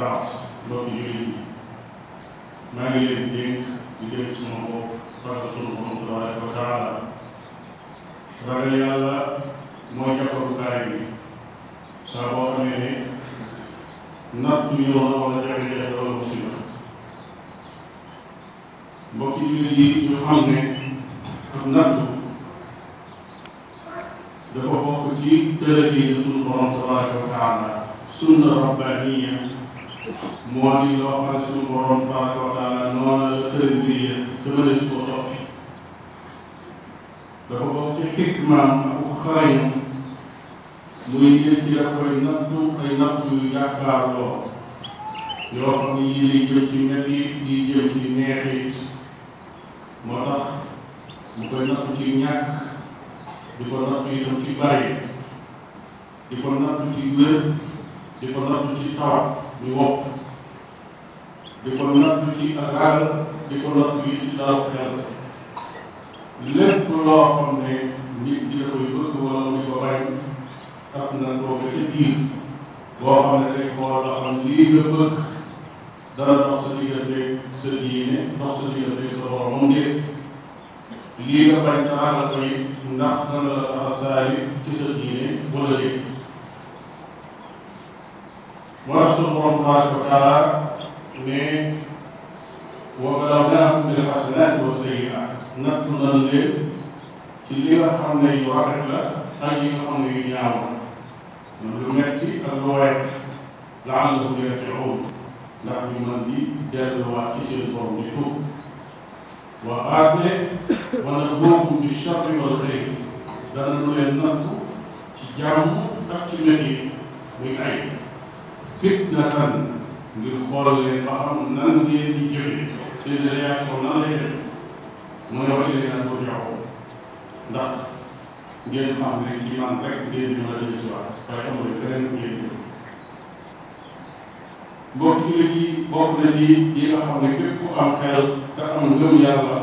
baat mbokki jullit yi maa ngi leen di dénk di dénk sama bopp ragal sunu borom tabaraka wa taala ragal yàlla mooy jàppalukaay bi saa boo xamee ne nattu yoon wala jafe-jafe wala musiba mbokki jullit yi ñu xam ne ak nattu dafa bokk ci tërëjee sunu borom tabaraka wa taala moo di loo xam ne suñu borom tabaraka wa taala noonu la tëri mbir yi te mënees su ko soppi dafa bokk ci xikmaam ak xarañam koy nattu ay nattu yu loo yoo xam ne yii ci metti yii jëm ci neexit moo tax mu koy nattu ci ñàkk di ko nattu itam ci bari di ko nattu ci wér di ko nattu ci tawat ñu wopp di ko nattu ci ak ragal di ko nattu yi ci dara xel lépp loo xam ne nit ki da koy bëgg wala di ko bañ tax na ko ba ca biir boo xam ne day xool ba xam lii nga bëgg dana dox sa diggante sa diine dox sa diggante sa borom ngir lii nga bañ te ragal ko it ndax dana la tax a saari ci sa diine wala léegi moo tax suñu borom tabaraka wa taala ne wa balawnaahum bil xasanaati wa sayyiaat nattu nan leen ci li nga xam ne yu rafet la ak yi nga xam ne yu ñaaw la lu metti ak lu woyof laallahum yarji'uun ndax ñu mën di delluwaat ci seen borom di tuub waxaat ne wa nabluukum bi sharri wal xayri dana nu leen nattu ci jàmm ak ci fitnatan ngir xool leen ba xam nan ngeen di jëfe seen réaction nan lay def mu ne wax leen ko joxoo ndax ngeen xam ne man rek di mën a dellusiwaat waaye amul feneen ngeen jëf bokk ci yi bokk na ci yi nga xam ne képp ku am xel te am ngëm yàlla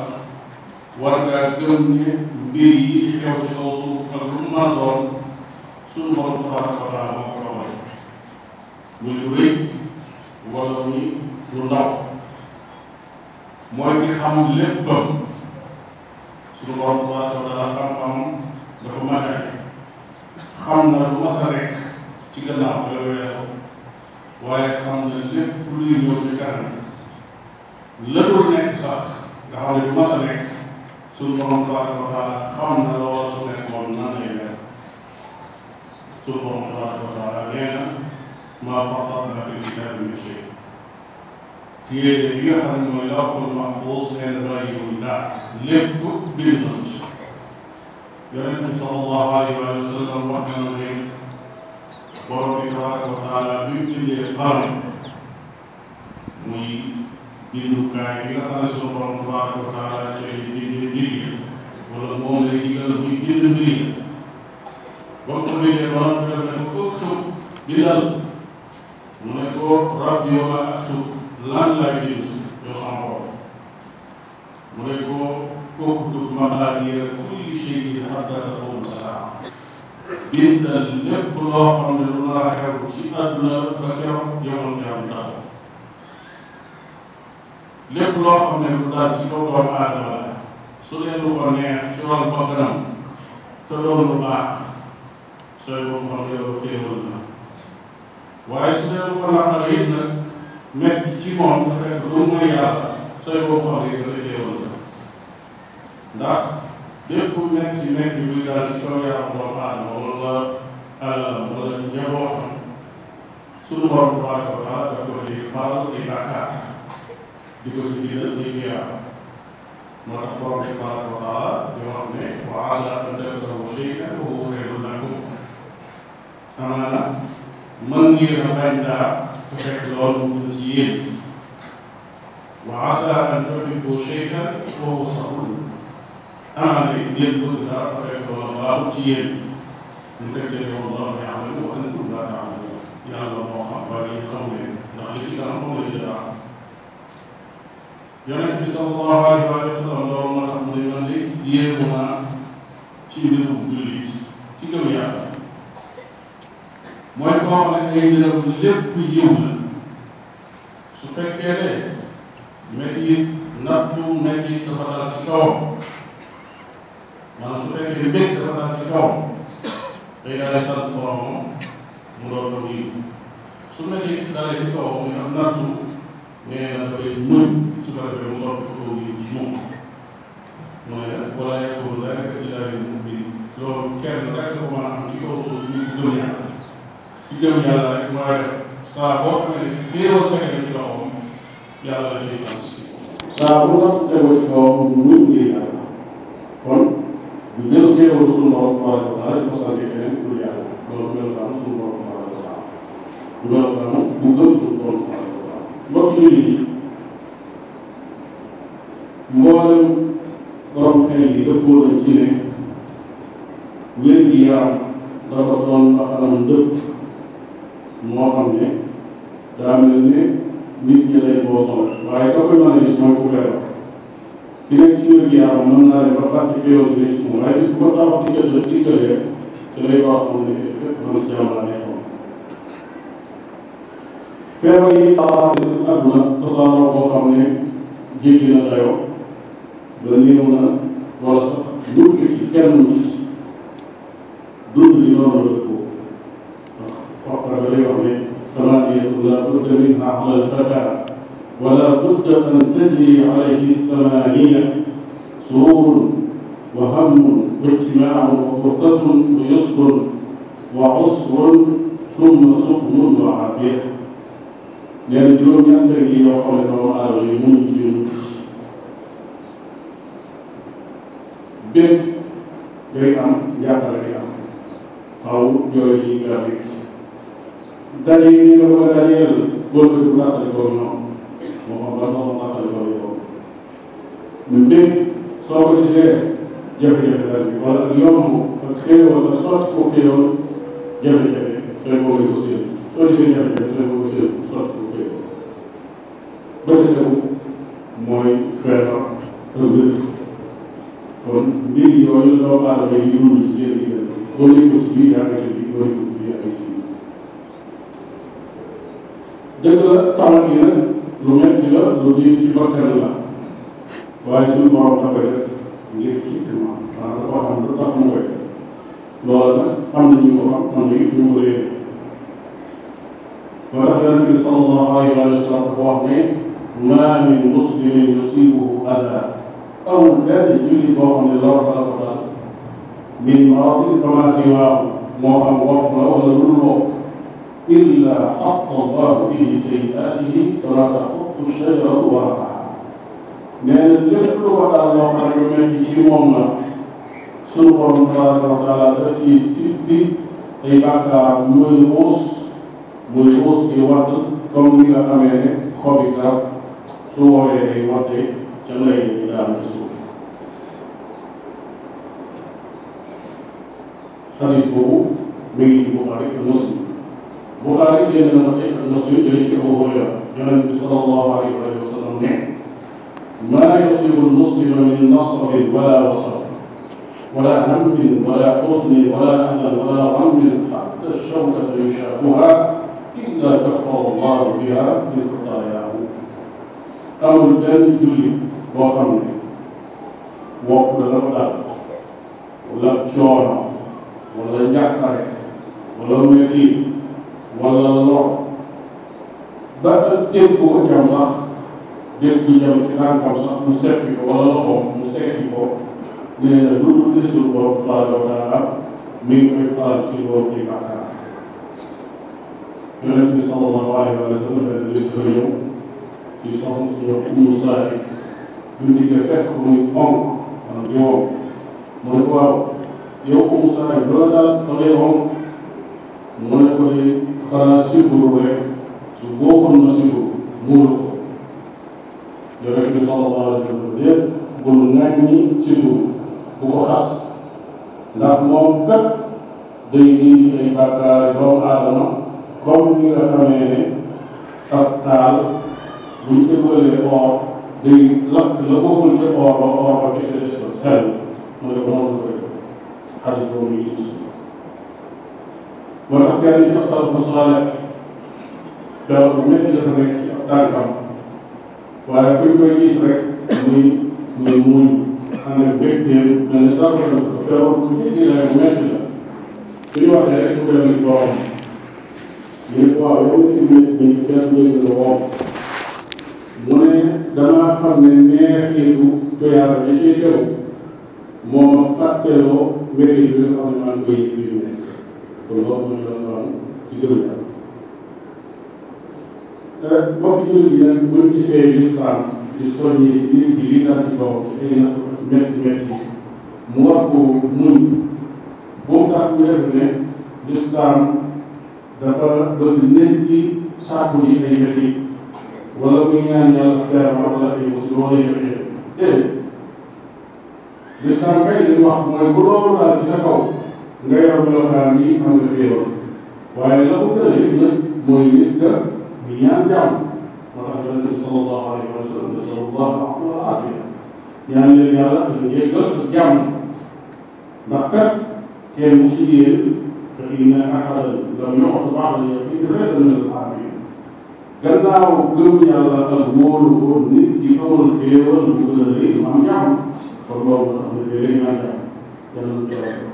war ngaa gëm ne mbir yi xew ci kaw suuf ak lu mu mën a doon suñu borom tabaraka wa muy lu rëy wala muy lu ndaw mooy ki xam léppam suñu borom tabaaraka wa taala xam-xam dafa matale xam na lu mas a rek ci gannaaw te la weesu waaye xam na lépp luy ñëw ci kanam sax nga xam ne lu mas a rek suñu borom tabaaraka wa taala xam na loo su nekk moom maa farratnaa fil kitaabi min shay téere bi nga xam ne mooy lawhul mahfuus nee na bàyyiwul dara lépp bind na ci yonent bi sallallahu alayhi wa sallam wax na ne borom bi tabaraka wa taala bi mu bindee xalam muy bindukaay bi nga xam ne sunu borom tabaraka wa taala ci lay bindee mbir yi wala moom lay digal muy bind mbir yi ba mu ko bindee ba mu def ne ko ëpp bindal rabbi yow ma aktub lan laay bind yow sama borom mu ne ko uktub maqaadira kulli shay'in hatta taqumu saa bindal lépp loo xam ne lu nar a xew ci àdduna ba keroog yomal xew taxaw lépp loo xam ne lu daal ci kaw doomu aadama la su dee lu ko neex ci loolu bakkanam te doon lu baax sooy boobu xam ne yow xéewal na waaye su dee ko naqar yëpp nag metti ci moom nga fekk lu muy yàlla sooy boo xool yi dana xéewal la ndax bépp metti metti buy daal ci kaw yaram doomu aadama wala alalam wala ci njabootam suñu borom tabaraka wa taala daf ko ci faral di bàkkaar di ko ci digal di ci yàlla moo tax borom bi tabaraka wa taala di wax ne wa ala an takrahu shay'an wa huwa khayrun lakum amaana mën ngeen a bañ dara te fekk loolu mu ngi ci yéen wa asa an tuhibbu shay'an wa huwa sharrun amaana ngeen bëgg te fekk loolu baaxul ci yéen ñu teg ci wallahu ya'lamu wa antum la ta'lamun yàlla moo xam waaye yéen xamu leen ndax li ci kanam moom la ci dara yonent bi sallallahu alayhi wa sallam loolu moo tax mu ne man de yéemu naa ci mbirum jullit ci mooy koo xam ne ay mbiram lépp yiw la su fekkee ne métit nattu métit dafa dal ci kawam maanaam su fekkee ne bég dafa dal ci kawam day daal di sant boromam mu doon ko yiw su métit dalee ci kawam muy am nattu ci gëm yàlla rek mën a def saa boo xam ne xéewal tege na ci loxoom yàlla la ciy sant si. saa bu natt tegu ci kawam ñu ngi yàlla kon ñu jël xéewal soxla waaye kooku mën a gis mooy ku feebar ki nekk ci wér gi yaram mën naa dem ba fàtte ci yow dina ci moom waaye gis bu ko taxaw di jël di jël rek te day wax moom ne fépp mën ci jàmm laa nekkoon. feebar yi taxaw àdduna tasaaroo boo xam ne jéggi na dayoo ba néew na wala sax dund ci kenn mu ci dund li noonu la ko wax wax dëgg yoo xam ne sama biir la ko tamit naa xam ne ولا بد أن تجري عليه الثمانية سرور وهم واجتماع وفرقة ويسر وعسر ثم سكن وعافية nee na juróom-ñaar teg yi yoo xam ne doomu aadama yi mënuñ ci mucc bépp day am jàppale day am xaw jooy yi graphique daje yi ne la war a dajeel góor bi du gàttale boobu lu dégg soo ko gisee jafe-jafe daal bi wala ak yomb ak xéewal ak sotti ko xéewal jafe-jafe fay boobu ko séen soo gisee jafe-jafe fay boobu séen sotti ko xéewal ba ca tegu mooy feebar ak wér kon mbir yooyu doomu aadama yi dund ci seen diggante doo nekk ci biir yaa ngi ci biir doo nekk ci biir yaa ngi ci biir dëgg la tawat yi nag lu metti la lu waaye suñu borom da koy def ngir xikma maanaam dafa xam lu tax mu koy def loolu nag am na ñu ko xam am na ñu ko yëg ba tax yonent bi sallallahu alayhi wa sallam dafa wax ne maa min muslimin yusibuhu adha amul benn jullit boo xam ne lor la ko daal min maradin fama siwaahu moo xam bopp la wala lu dul bopp illa xatta allahu bihi sayyi'aatihi fala taxuttu shajaratu wa rafaa nee na lépp lu ko daal loo ne lu ci moom la sunu borom tabaraka wa taala daf ci sippi di wadd comme ni nga xamee ne xobi garab su woowee day wadde ca lay daan ci suuf xalis boobu mi ngi ci Buxaari ak Muslim Buxaari génn na ko tey ak ci Abu Hurayra yonent bi sallallahu alayhi wa sallam ما يصيب المسلم من نصر ولا وصل ولا هم ولا حزن ولا أذى ولا غم حتى الشوكة يشاقها إلا كفر الله بها من خطاياه أو البلد وخمر وقل لقلق ولا جوع ولا يعقر ولا مكيب ولا لوع بدل تبقى جنبه jël ci jëm ci tànkam sax mu ko wala loxoom mu ko nee na lu dul suñu borom tabaaraka wa koy faral ci loolu ci bàkkaar yonent bi sallallahu alayhi wa sallam dafa ñëw ci soxna suñu Ummu Salim ñu dikkee fekk muy onk man yow mu ne ko waaw yow Ummu Salim loolu daal da ngay onk yonent bi sallallahu alayhi wa sallam déet bul ŋàññi bu ko xas ndax moom kat day indi ay bàkkaar doomu aadama comme ni nga xamee ne ab taal buñ ca bëlee or day lakk la bokkul ca or ba or ba kese des mu ne ko noonu la koy def xarit boobu ñu ci musulma moo tax kenn bu salaale dara bu métti dafa nekk waaye fuñ koy gis rek muy muy muñ ànd ak bégteel dana dara ko feebar bu ñu la metti la suñu waxee rek mu dem ci borom ñu ne waaw yow ci metti bi ñu des ngeen la woo mu ne damaa xam ne neexitu tuyaara bi ciy teew moo ma fàtteloo métti bi nga xam ne maa ngi koy yëg yu nekk kon loolu mooy loolu ci gëm yàlla Euh, mbokk jullit yi nag buñ gisee lislaam di soññee ci nit yi lii daal ci kaw te ay na métti métti mu war ko muñ bu mu tax ñu def ne lislaam dafa bëgg nit ci saaku yi ay métti wala bu ñaan yàlla feer wala ay wasi wala yooyu déedéet lislaam kay li wax mooy bu loolu daal ci sa kaw ngay yor melokaan yi am nga xéewal waaye la mu tëralee nag mooy nit ka di ñaan jàmm moo tax yonent bi sallallahu alayhi wa sallam sallallahu alayhi wa aafiya ñaan leen yàlla ak jéggal ak jàmm ndax kat kenn mu si yéen te inna ahadan lam yu'ta ba'da al-yaqiini xayran min al-aafiya gannaaw gëm yàlla ak wóolu ko nit ki amul xéewal bu gën a rëy am jàmm kon loolu tax na léegi ñaan jàmm yàlla na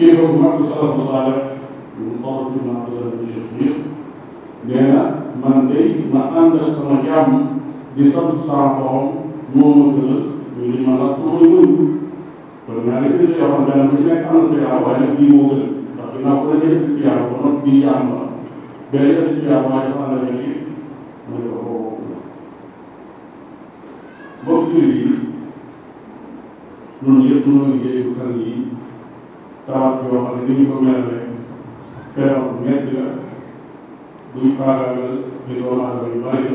كيف هناك سلف صالح من طرف ابن عبد الله بن الشفيق nee na man day ma ànd ak sama di sant sama borom moo ma gënal ñu ma la tuuma yóbbu kon ñaari kër yoo xam ne bu ci nekk am na tiyaaba waaye nag bii moo gën ndax dinaa ko la jël tiyaaba ba noppi bii jàmm la benn yoon tiyaaba waaye dafa ànd ak mu ne ko boobu mbokk jullit yi noonu yëpp noonu liggéeyu fan yi tawaat yoo xam ne ni ñu ko mel rek feebar bu metti buy faagaagal di doomu aadama yu bari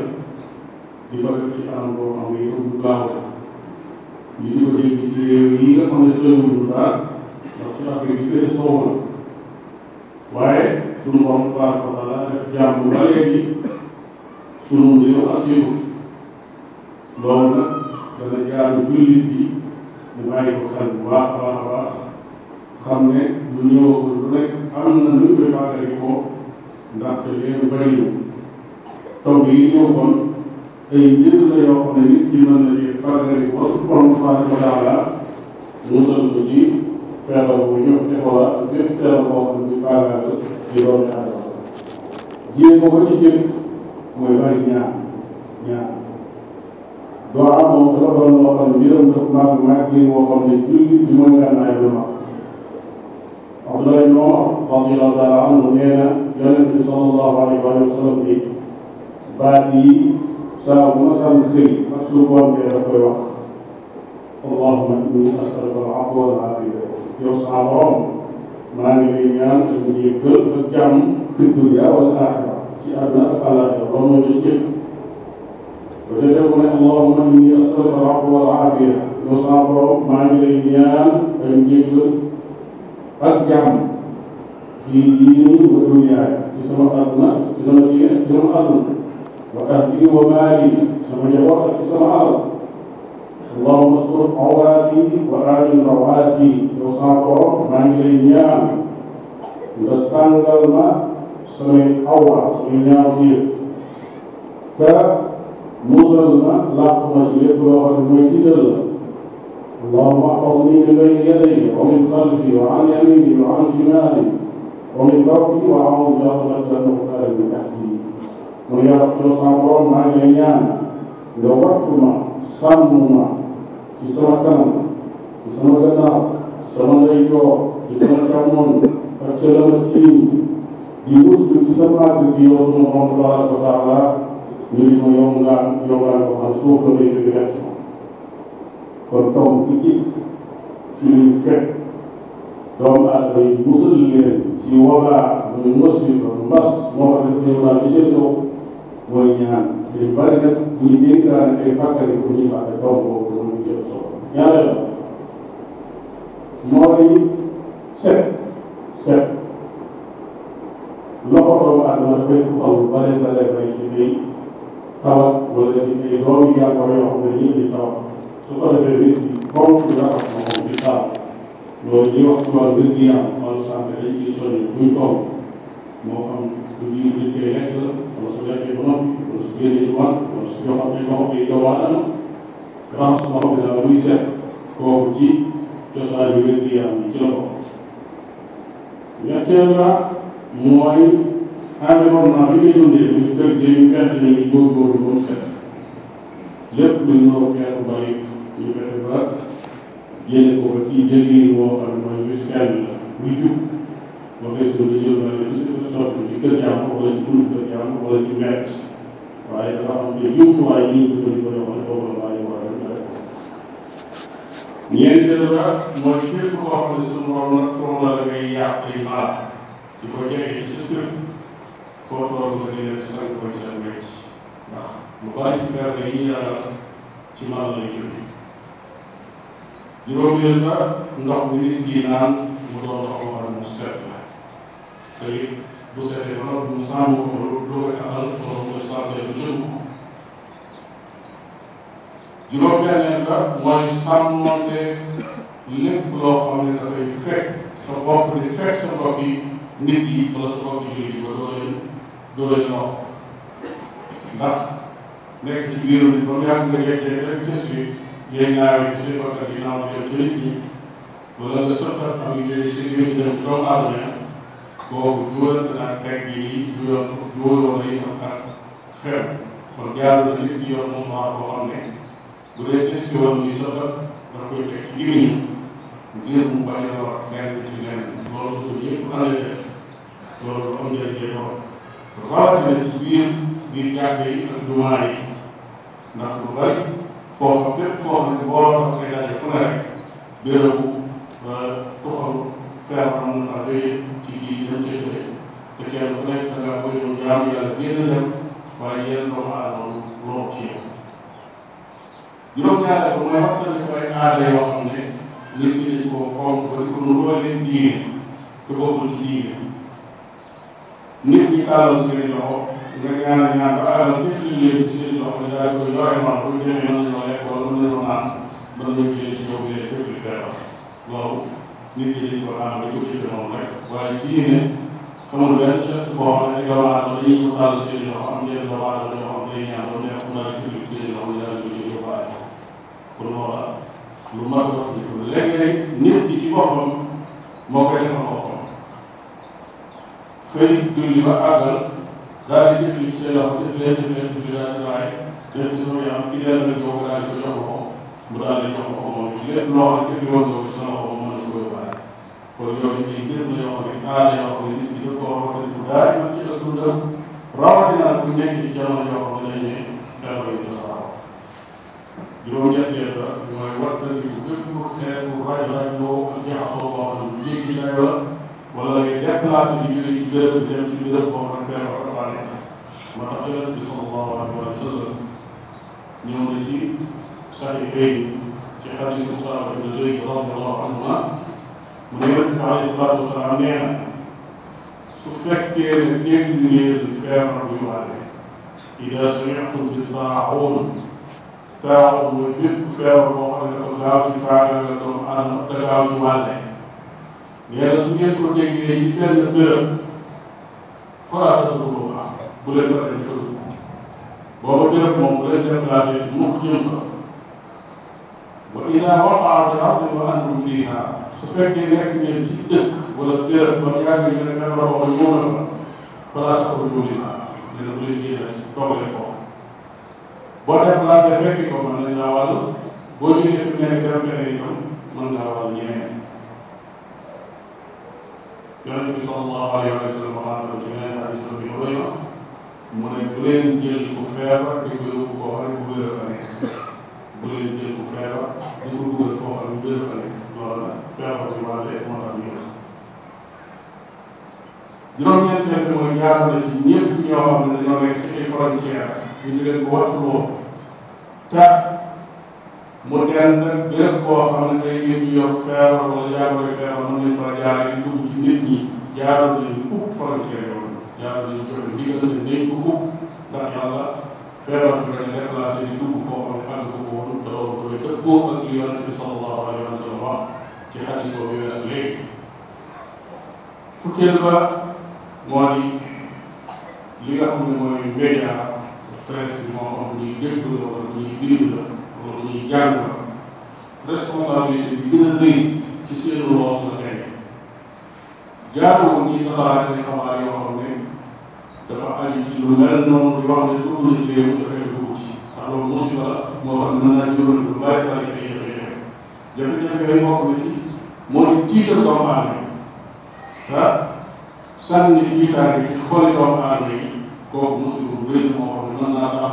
la di ko def ci anam boo xam ne yow du baaxul ñu di ko dégg ci réew yi nga xam ne soriwul dara ndax ci Afrique bi gën a soow la waaye sunu borom tabaraka wa taala def jàmm ba léegi sunu réew asiru loolu nag dana jaaru jullit bi mu bàyyi ko xel bu baax a baax a baax xam ne lu ñëwagul lu nekk am na nu ñu koy faagalee ko ndax yooyu bëri na tomb yi ñëw kon ay njëriñ la yoo xam ne nit ki mën na ci farale ba su borom subhanahu wa taala musal ko ci feebar bu ñëw te wala bépp feebar boo xam ne faagaagal di doon ñaar jéem ko ci jëf mooy bari ñaar ñaar doo am moom dafa doon loo xam ne mbiram dafa màgg màgg woo xam ne jullit bi mooy gànnaay lu mag Abdullah ibn Umar radiyallahu taala anhu sallallahu alayhi wa sallam bi baat yi saa bu masaan xëy allahumma inni as'aluka al-afwa wal afiya yow saa borom maa ngi lay ñaan suñu jéggal ci àdduna ak alaxira ba mu des jëkk ba allahumma inni as'aluka al-afwa wal afiya yow saa borom maa ngi ak jàmm ci diini wa duniyaay ci sama àdduna ci sama diine wa ahli wa maali sama njaboot ak sama alal allahumma stur wa aali rawaati yow sama borom maa ngi lay samay awra samay ñaaw fii te musal ma làq ma ci lépp mooy tiital اللهم احفظني من بين يدي ومن خلفي وعن يميني وعن شمالي ومن فوقي واعوذ برحمتك ان اغتال من تحتي mu ne yàlla ku sama borom maa ngi lay ñaan nga wattu ma sàmm ma ci sama kanam ci sama gannaaw ci sama ndeyjoor ci sama càmmoñ ak ca la ma tiim di muslu ci sa màgg gi yow sunu borom tabaraka wa taala ñu di ma yow nga yow nga ko xam suuf la may jóge kon tomb bi ci ci luy fekk doomu aadama yi musal leen ci wabaa muy mos bi ba mbas moo xam ne dañu waa ci seen kaw mooy ñaan dañu bari nag ñuy dénkaane ay fàttali pour ñuy fàtte tomb boobu dama ñu jël solo ñaareel moo di set set loxo doomu aadama dafay xaw bare bare bare ci biir tawat wala ci biir doomu jàngoro yoo xam ne ñëpp di tawat su ko defee nit ñi fonk laxas loxo bi saabu loolu ñuy wax ci wàllu wér gu yaram wàllu santé dañ ciy soññ buñ fonk moo xam lu ji nit koy lekk la wala su lekkee ba noppi wala su génnee ci wan wala su joxoon ay loxo bi doomu aadama raxas loxo bi daal muy set kooku ci cosaan bi wér gu yaram bi ci la bokk ñetteel la mooy environnement bi ngay dundee muy kër gi ñu fekk ne ñu góorgóorlu ba mu set lépp luy noo xeetu bari ñu fexe ba génne ko ba ci liggéey boo xam ne mooy lu sell la muy jub ba ngay suñu lu jël wala ci suñu soppi ci kër jàmm wala ci kulu kër jàmm wala ci mbedd waaye dafa am te jumtuwaay yi ñu ko di ko doxal foofu la waaye war a def ñeenteel ba mooy képp koo xam ne suñu borom nag borom la da ngay yàq ay malaat di ko jege ci sa kër foo toog nga di leen sànq koy seen wecc ndax lu bari ci feebar yi ñuy ragal ci malaat lay jóge juróomeel ba ndox bu nit ki naan mu doon ndox boo xam ne mu set la te it bu setee ba noppi mu sàmm ko lu koy taxal wala mu koy sàmmee lu jëm juróom-benneel ba mooy sàmmante lépp xam ne dafay fekk sa bopp di fekk sa bopp yi nit yi wala sa bopp yi di ko doo leen doo leen ñor ndax nekk ci biiru bi ba mu yàgg nga jékki-jékki rek gis ngay ñaareel ci suñu bakkan ginnaaw bi dem ci nit ñi wala nga sëqat ak njëriñ si biir dem doomu aadama boobu dugal naa pegg yi dugal dugaloo lay am ak feeb kon jaarul nit ñi yor mosuwaat boo xam ne bu dee gis ci woon ñu sëqat da koy teg ci gémmiñ ngir mu bañ a war fenn ci lenn loolu su ko yëpp ànd def loolu am njëriñ lay doon rawatina ci biir biir jàkk yi ak jumaa yi ndax lu foo xam fépp foo xam ne mbooloo dafa koy daje fu ne rek bérébu euh, tuxalu feer am na day ci kii dañ cay jëlee te kenn ku nekk da ngaa koy ñëw jaamu yàlla génn dem waaye yenn doomu aadama loolu ci yow. juróom-ñaareel ba mooy waxtaan ko ay aada yoo xam ne nit ñi dañ koo fonk ba di ko nuroo leen diine te bokkul ci diine nit ñi tàllal seen loxo nga ñaanal ñaan ba alal jëf li léegi si loo xam ne daal koy yore ma bu demee mën na lekk wala mën na ko naan mën na jëlee ci yow bi leen fépp li feebar loolu nit ñi dañ ko am ba jóg ci moom rek waaye diine xamul benn geste boo xam ne yow maanaam dañuy ko tàll seen loxo am ñenn doomu aadama yoo xam day ñaan ba nekk mën a tëdd seen loxo ñu daal di yóbbaale kon loola lu mat wax ni ko léeg-léeg nit ki ci boppam moo koy defal boppam xëy julli ba àggal daal di def li ci seen loxo def leen def leen def daal di waaye def ci sama yaram ki daal di ko daal di ko jox ko mu daal di jox ko moom lépp loo xam ne woon nga ko sa loxo mën na ko yóbbaale kon yooyu ñuy ngir na yoo xam ne aada yoo xam ne nit ki dëkk koo xamante ne daal di mën ci ak dundam rawatina bu nekk ci jamono yoo xam ne dañ ne feebar yi dafa raw juróom-ñetteel ba mooy wattandiku bépp bu xeetu rajo rajo ak jaxasoo boo xam ne bu jéggi dayo la wala ngay déplacé di jóge ci bërëb dem ci bërëb boo xam ne feebar préparé moo tax yonent bi sallallahu alayhi wa sallam ñëw na ci saxiixayni ci xadis Musaab ibn Zayd radiyallahu anhuma mu ne yonent bi alayhi salaatu wasalaam nee na su fekkee ne dégg ngeen feebar bu ñu àlle ida sami'tum bi taaxoon taaxoon mooy bépp feebar boo xam ne dafa gaaw ci faagaagal doomu aadama te gaaw ci wàlle nee na su ngeen ko déggee ci benn xalaat la ko ko am bu leen ko defee ko booba béréb moom bu leen déplacé mu ko jëm fa wa ida waqaat al ardi wa antum fiha su fekkee nekk ngeen ci dëkk wala béréb ba yàgg ñu ne feebar booba ñëw na fa falaa taxruju minha dina bu leen génne toog leen foofu boo déplacé fekki ko mën nañ laa wàll boo jógee fi mu nekk dem feneen itam mën ngaa wàll ñeneen yonent bi sallallahu alayhi wa sallam waxaan na ko ci beneen xadis la bi Hurayra mu ne bu leen jël ku feebar di ko yóbbu koo xam ne bu wér fa nekk bu leen jël ku feebar di ko dugal koo xam ne bu wér fa nekk loolu la feebar bi wàllee moo tax ñu wax juróom-ñeenteel bi mooy jaar na ci ñëpp ñoo xam ne dañoo nekk ci ay frontière ñu leen ko wattuloo te mu teel nag béréb boo xam ne day ngeen yokk feebar wala jaaroore feebar mën nañ fa jaar yi dugg ci nit ñi jaaroore yi ëpp frontière yoon jaaroore yi joxe ndigal la day ko ëpp ndax yàlla feebar bi dañ déplacé di dugg foo xam ne ànd ko woon te loolu koy dëppoo ak li yonent bi sallallahu alayhi wa sallam wax ci xadis boobu wees léegi fukkeel ba moo di li nga xam ne mooy média presse bi moo xam ne ñuy dégg la wala ñuy bind la loolu ñuy jàng responsabilité bi gën a rëy ci seen loos la tey jaarul ñuy tasaare ni xabaar yoo xam ne dafa aju ci lu mel noonu di wax ne lu ëpp la ci réew mi dafay dugg ci ndax loolu musiba la moo xam ne mën naa jural lu bari bari ci jafe-jafe jafe-jafe yooyu bokk na ci moo di tiital doomu aadama te sànni tiitaange ci xoli doomu aadama yi kooku musiba bu rëy moo xam ne mën naa tax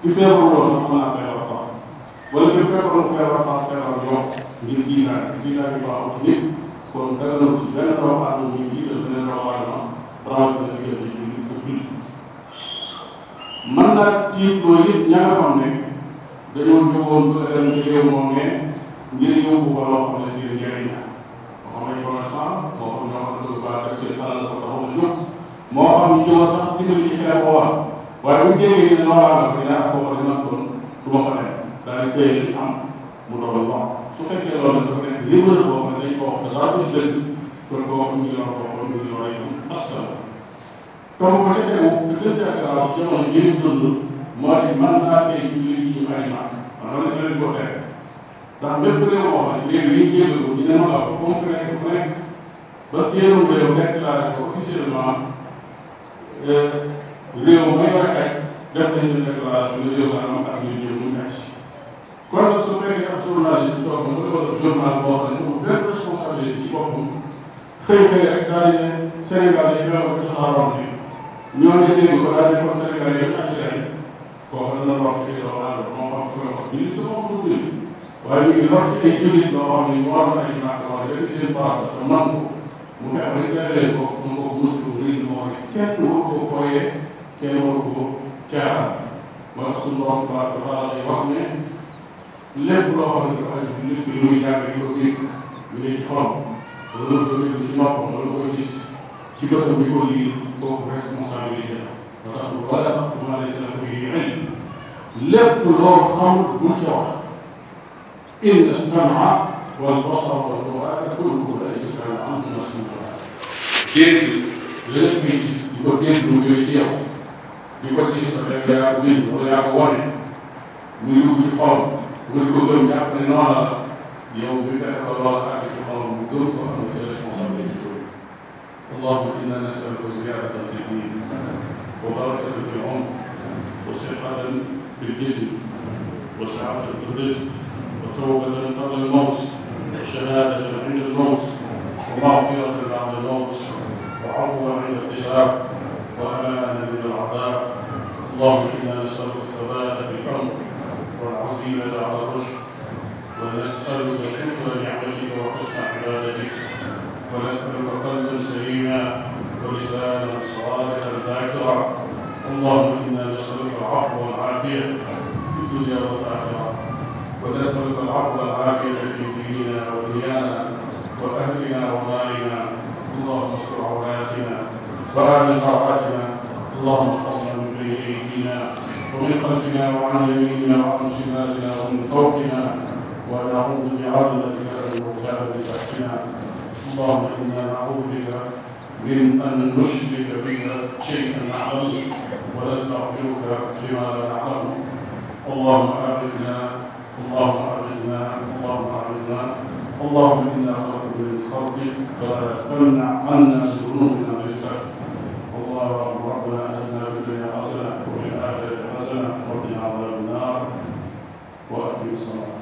ki feebaruloo sax mën naa feebar wala ñu fekkoon feebar faa feebar yokk ngir jiitaay jiitaay bi baaxul ci nit kon dara na ci benn doomu aadama ñuy jiital beneen doomu aadama rawatina diggante ci nit ak nit mën naa tiitloo it ña nga xam ne dañoo jógoon bëgg a dem ci réew moom ne ngir yóbbu ko loo xam ne seen njëriñ la boo xam ne commerçant boo xam ne wax dëgg baax ak seen alal ko taxaw la jóg moo xam ñu jógoon sax dimbali ci xeex ko war waaye bu ñu déggee ne loo xam ne dinaa ko war a mën kon du ma fa dem daal di béy li am mu doog a baax su fekkee loolu nag dafa nekk li mën a boo xam ne dañ ko wax te dara du ci dëgg kon boo xam ne ñu doon ko waxoon ñu doon ay xam asalaam. comme bu fekkee ne bu fekkee ak alal ci jamono ji ñu dund moo di mën naa tey julli yi ci bari ma maanaam la ci leen ko teg ndax bépp réew moo xam ne léegi yi jéem ko ñu dem la ko comme fu nekk fu nekk ba séerum réew déclaré ko officiellement eh, réew may war a def nañ seen déclaration ne réew sax am ak ñu jéem kon nag su fekkee ab journaliste yi mu defal journal boo xam ne amul benn responsabilité ci boppam xëy xëy rek daal di ne Sénégal yi ñoo ko tasaaroon ne ñoo ngi dégg ko daal di kon Sénégal yi ak Sénégal yi kooku dana lor ci doomu aadama moo xam fu nga wax ñu ngi ko wax lu waaye ñu ngi lor ci ay jullit loo xam ne war na ay ñàkk wax rek seen baax te man ko mu fexe ba jëlee ko mu ko musul rëy moo ne kenn waru ko fooyee kenn waru ko caaxaan wala suñu borom baax wax ne lépp loo xam ne dafa aju nit ki lu muy jàng di ko dégg lu ne ci xolam wala ko dégg ci noppam wala ko gis ci bëtam bi ko lii kooku responsabilité la wala am wala am alayhi salaam yi ilm lépp loo xam bul ci wax inna samaa wal basara wal fuaada kullu ulaaika kaana anhu masuula dégg lépp ngay gis di ko dégg mu jóge ci yow di ko gis yaa ko bind wala yaa ko wane muy dugg ci xolam bu ko gëm jàpp ne noonu la yow bi fexe ba lool àgg ci xolam bu gëm ko am ci responsabilité boobu allahumma inna nasaluka ziyadatan fi din wa barakatan fi umr wa sihatan fi jism wa saatan fi rizq wa tawbatan qabla al mawt wa shahadatan inda al mawt wa maghfiratan ba'da al mawt wa afwan inda al hisab wa amanan min al adab allahumma inna الوسيلة على الرشد ونسألك شكر نعمتك وحسن عبادتك ونسألك قلبا سليما ولسانا صادقا ذاكرا اللهم إنا نسألك العفو والعافية في الدنيا والآخرة ونسألك العفو والعافية في ديننا ودنيانا وأهلنا ومالنا اللهم استر عوراتنا وآمن روعاتنا اللهم ومن خلفنا وعن يميننا وعن شمالنا ومن فوقنا ونعوذ بعظمتك من وجاب تحتنا اللهم انا نعوذ بك من ان نشرك بك شيئا نعلم ونستغفرك لما لا نعلم اللهم اعزنا اللهم اعزنا اللهم اعزنا اللهم انا خلق من خلقك فلا تمنع عنا ذنوبنا رشدا الله ربنا solo